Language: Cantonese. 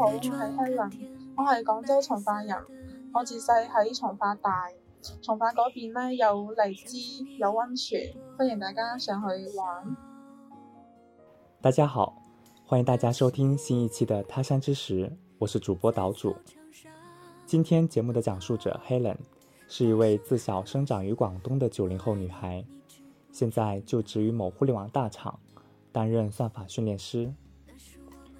好，我是 Helen，我是廣州從化人，我自細喺從化大，從化嗰邊有荔枝，有溫泉，歡迎大家上去玩。大家好，歡迎大家收聽新一期的《她山之石》，我是主播島主。今天節目的講述者 Helen，是一位自小生長於廣東的九零後女孩，現在就職於某互聯網大廠，擔任算法訓練師。